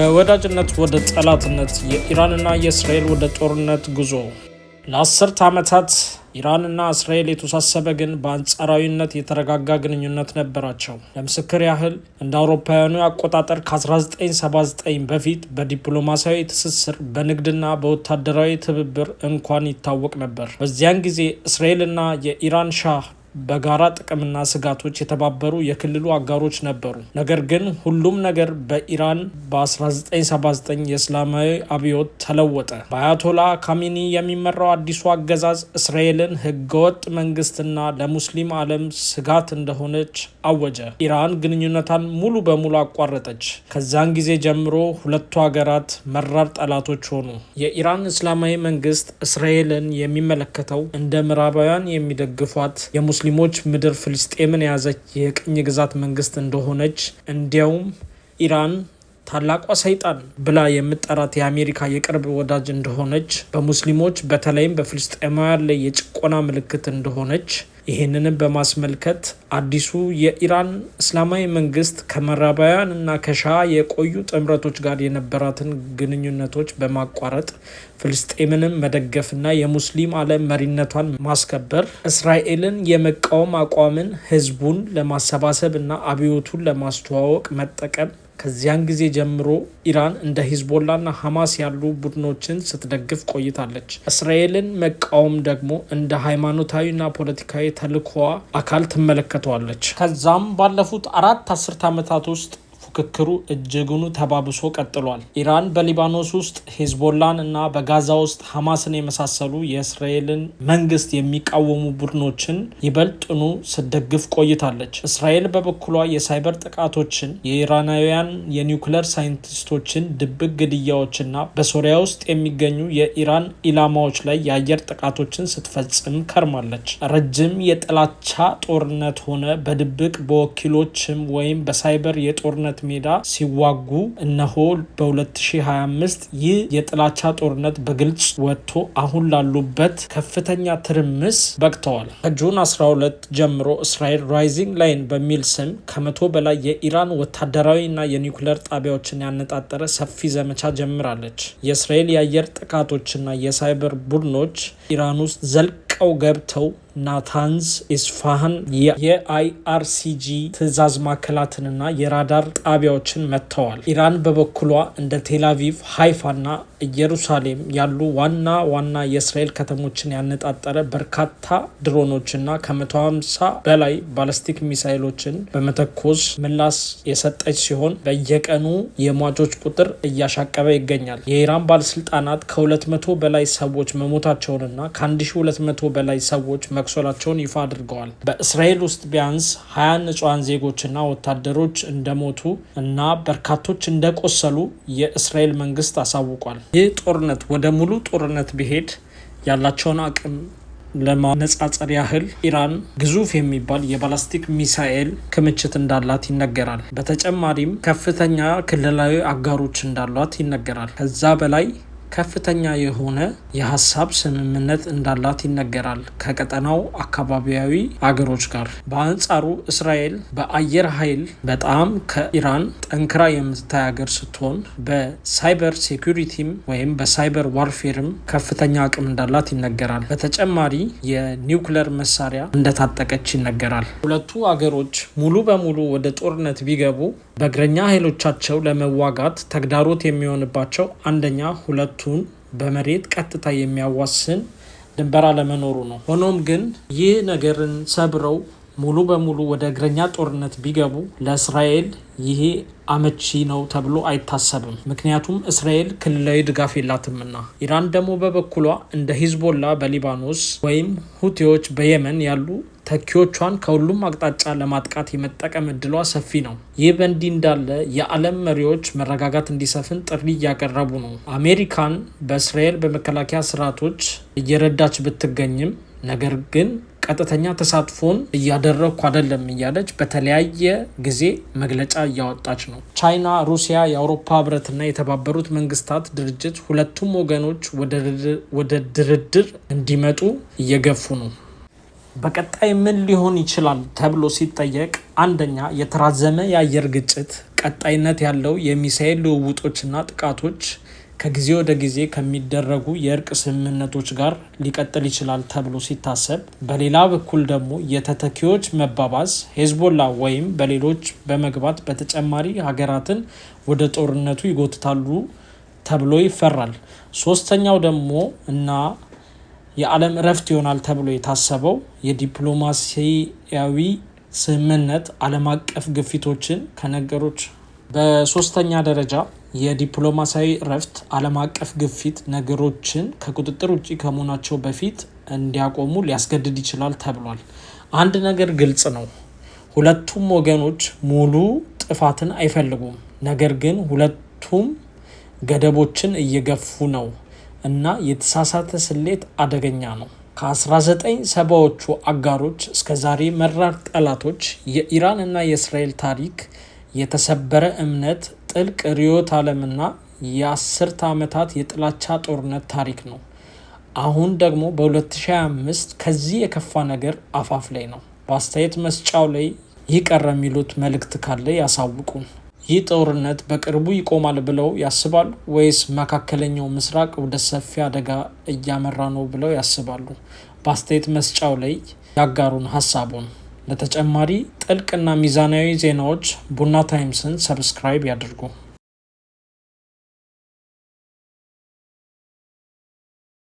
ከወዳጅነት ወደ ጠላትነት የኢራንና የእስራኤል ወደ ጦርነት ጉዞ። ለአስርተ ዓመታት ኢራንና እስራኤል የተወሳሰበ ግን በአንጻራዊነት የተረጋጋ ግንኙነት ነበራቸው። ለምስክር ያህል እንደ አውሮፓውያኑ አቆጣጠር ከ1979 በፊት በዲፕሎማሲያዊ ትስስር፣ በንግድና በወታደራዊ ትብብር እንኳን ይታወቅ ነበር። በዚያን ጊዜ እስራኤልና የኢራን ሻህ በጋራ ጥቅምና ስጋቶች የተባበሩ የክልሉ አጋሮች ነበሩ። ነገር ግን ሁሉም ነገር በኢራን በ1979 የእስላማዊ አብዮት ተለወጠ። በአያቶላ ካሚኒ የሚመራው አዲሱ አገዛዝ እስራኤልን ህገወጥ መንግስትና ለሙስሊም ዓለም ስጋት እንደሆነች አወጀ። ኢራን ግንኙነቷን ሙሉ በሙሉ አቋረጠች። ከዛን ጊዜ ጀምሮ ሁለቱ ሀገራት መራር ጠላቶች ሆኑ። የኢራን እስላማዊ መንግስት እስራኤልን የሚመለከተው እንደ ምዕራባውያን የሚደግፏት የሙስሊም ሙስሊሞች ምድር ፍልስጤምን የያዘች የቅኝ ግዛት መንግስት እንደሆነች እንዲያውም ኢራን ታላቋ ሰይጣን ብላ የምጠራት የአሜሪካ የቅርብ ወዳጅ እንደሆነች፣ በሙስሊሞች በተለይም በፍልስጤማውያን ላይ የጭቆና ምልክት እንደሆነች ይህንንም በማስመልከት አዲሱ የኢራን እስላማዊ መንግስት ከመራባውያን እና ከሻ የቆዩ ጥምረቶች ጋር የነበራትን ግንኙነቶች በማቋረጥ ፍልስጤምንም መደገፍና የሙስሊም ዓለም መሪነቷን ማስከበር እስራኤልን የመቃወም አቋምን ህዝቡን ለማሰባሰብ እና አብዮቱን ለማስተዋወቅ መጠቀም ከዚያን ጊዜ ጀምሮ ኢራን እንደ ሂዝቦላና ሐማስ ያሉ ቡድኖችን ስትደግፍ ቆይታለች። እስራኤልን መቃወም ደግሞ እንደ ሃይማኖታዊና ፖለቲካዊ ተልእኮዋ አካል ትመለከተዋለች። ከዛም ባለፉት አራት አስርት ዓመታት ውስጥ ፉክክሩ እጅጉኑ ተባብሶ ቀጥሏል። ኢራን በሊባኖስ ውስጥ ሂዝቦላን እና በጋዛ ውስጥ ሐማስን የመሳሰሉ የእስራኤልን መንግስት የሚቃወሙ ቡድኖችን ይበልጥኑ ስደግፍ ቆይታለች። እስራኤል በበኩሏ የሳይበር ጥቃቶችን፣ የኢራናውያን የኒውክለር ሳይንቲስቶችን ድብቅ ግድያዎችና በሶሪያ ውስጥ የሚገኙ የኢራን ኢላማዎች ላይ የአየር ጥቃቶችን ስትፈጽም ከርማለች። ረጅም የጥላቻ ጦርነት ሆነ በድብቅ በወኪሎችም ወይም በሳይበር የጦርነት በጦርነት ሜዳ ሲዋጉ እነሆ በ2025 ይህ የጥላቻ ጦርነት በግልጽ ወጥቶ አሁን ላሉበት ከፍተኛ ትርምስ በቅተዋል። ከጁን 12 ጀምሮ እስራኤል ራይዚንግ ላይን በሚል ስም ከመቶ በላይ የኢራን ወታደራዊና የኒውክለር ጣቢያዎችን ያነጣጠረ ሰፊ ዘመቻ ጀምራለች። የእስራኤል የአየር ጥቃቶችና የሳይበር ቡድኖች ኢራን ውስጥ ዘልቀው ገብተው ናታንዝ ኢስፋሃን የአይአርሲጂ ትዕዛዝ ማዕከላትንና የራዳር ጣቢያዎችን መጥተዋል። ኢራን በበኩሏ እንደ ቴላቪቭ፣ ሃይፋና ኢየሩሳሌም ያሉ ዋና ዋና የእስራኤል ከተሞችን ያነጣጠረ በርካታ ድሮኖችና ከ150 በላይ ባለስቲክ ሚሳይሎችን በመተኮስ ምላስ የሰጠች ሲሆን በየቀኑ የሟቾች ቁጥር እያሻቀበ ይገኛል። የኢራን ባለስልጣናት ከ200 በላይ ሰዎች መሞታቸውንና ከ1200 በላይ ሰዎች መ መቁሰላቸውን ይፋ አድርገዋል። በእስራኤል ውስጥ ቢያንስ ሀያ ንጹሐን ዜጎችና ወታደሮች እንደሞቱ እና በርካቶች እንደቆሰሉ የእስራኤል መንግስት አሳውቋል። ይህ ጦርነት ወደ ሙሉ ጦርነት ቢሄድ ያላቸውን አቅም ለማነጻጸር ያህል ኢራን ግዙፍ የሚባል የባላስቲክ ሚሳኤል ክምችት እንዳላት ይነገራል። በተጨማሪም ከፍተኛ ክልላዊ አጋሮች እንዳሏት ይነገራል። ከዛ በላይ ከፍተኛ የሆነ የሀሳብ ስምምነት እንዳላት ይነገራል ከቀጠናው አካባቢያዊ አገሮች ጋር። በአንጻሩ እስራኤል በአየር ኃይል በጣም ከኢራን ጠንክራ የምትታይ ሀገር ስትሆን በሳይበር ሴኩሪቲም ወይም በሳይበር ዋርፌርም ከፍተኛ አቅም እንዳላት ይነገራል። በተጨማሪ የኒውክለር መሳሪያ እንደታጠቀች ይነገራል። ሁለቱ አገሮች ሙሉ በሙሉ ወደ ጦርነት ቢገቡ በእግረኛ ኃይሎቻቸው ለመዋጋት ተግዳሮት የሚሆንባቸው አንደኛ ሁለቱ ሁለቱን በመሬት ቀጥታ የሚያዋስን ድንበር አለመኖሩ ነው። ሆኖም ግን ይህ ነገርን ሰብረው ሙሉ በሙሉ ወደ እግረኛ ጦርነት ቢገቡ ለእስራኤል ይሄ አመቺ ነው ተብሎ አይታሰብም። ምክንያቱም እስራኤል ክልላዊ ድጋፍ የላትምና። ኢራን ደግሞ በበኩሏ እንደ ሂዝቦላ በሊባኖስ ወይም ሁቴዎች በየመን ያሉ ተኪዎቿን ከሁሉም አቅጣጫ ለማጥቃት የመጠቀም እድሏ ሰፊ ነው። ይህ በእንዲህ እንዳለ የዓለም መሪዎች መረጋጋት እንዲሰፍን ጥሪ እያቀረቡ ነው። አሜሪካን በእስራኤል በመከላከያ ስርዓቶች እየረዳች ብትገኝም ነገር ግን ቀጥተኛ ተሳትፎን እያደረግኩ አይደለም እያለች በተለያየ ጊዜ መግለጫ እያወጣች ነው። ቻይና፣ ሩሲያ፣ የአውሮፓ ህብረትና የተባበሩት መንግስታት ድርጅት ሁለቱም ወገኖች ወደ ድርድር እንዲመጡ እየገፉ ነው። በቀጣይ ምን ሊሆን ይችላል ተብሎ ሲጠየቅ አንደኛ የተራዘመ የአየር ግጭት፣ ቀጣይነት ያለው የሚሳኤል ልውውጦችና ጥቃቶች ከጊዜ ወደ ጊዜ ከሚደረጉ የእርቅ ስምምነቶች ጋር ሊቀጥል ይችላል ተብሎ ሲታሰብ፣ በሌላ በኩል ደግሞ የተተኪዎች መባባስ ሄዝቦላ ወይም በሌሎች በመግባት በተጨማሪ ሀገራትን ወደ ጦርነቱ ይጎትታሉ ተብሎ ይፈራል። ሶስተኛው ደግሞ እና የዓለም እረፍት ይሆናል ተብሎ የታሰበው የዲፕሎማሲያዊ ስምምነት ዓለም አቀፍ ግፊቶችን ከነገሮች በሶስተኛ ደረጃ የዲፕሎማሲያዊ እረፍት ዓለም አቀፍ ግፊት ነገሮችን ከቁጥጥር ውጭ ከመሆናቸው በፊት እንዲያቆሙ ሊያስገድድ ይችላል ተብሏል። አንድ ነገር ግልጽ ነው። ሁለቱም ወገኖች ሙሉ ጥፋትን አይፈልጉም። ነገር ግን ሁለቱም ገደቦችን እየገፉ ነው። እና የተሳሳተ ስሌት አደገኛ ነው። ከ19 ሰባዎቹ አጋሮች እስከ ዛሬ መራር ጠላቶች የኢራን እና የእስራኤል ታሪክ የተሰበረ እምነት፣ ጥልቅ ርዕዮተ ዓለምና የአስርተ ዓመታት የጥላቻ ጦርነት ታሪክ ነው። አሁን ደግሞ በ2025 ከዚህ የከፋ ነገር አፋፍ ላይ ነው። በአስተያየት መስጫው ላይ ይቀር የሚሉት መልእክት ካለ ያሳውቁን። ይህ ጦርነት በቅርቡ ይቆማል ብለው ያስባሉ ወይስ መካከለኛው ምስራቅ ወደ ሰፊ አደጋ እያመራ ነው ብለው ያስባሉ? በአስተያየት መስጫው ላይ ያጋሩን ሀሳቡን። ለተጨማሪ ጥልቅና ሚዛናዊ ዜናዎች ቡና ታይምስን ሰብስክራይብ ያድርጉ።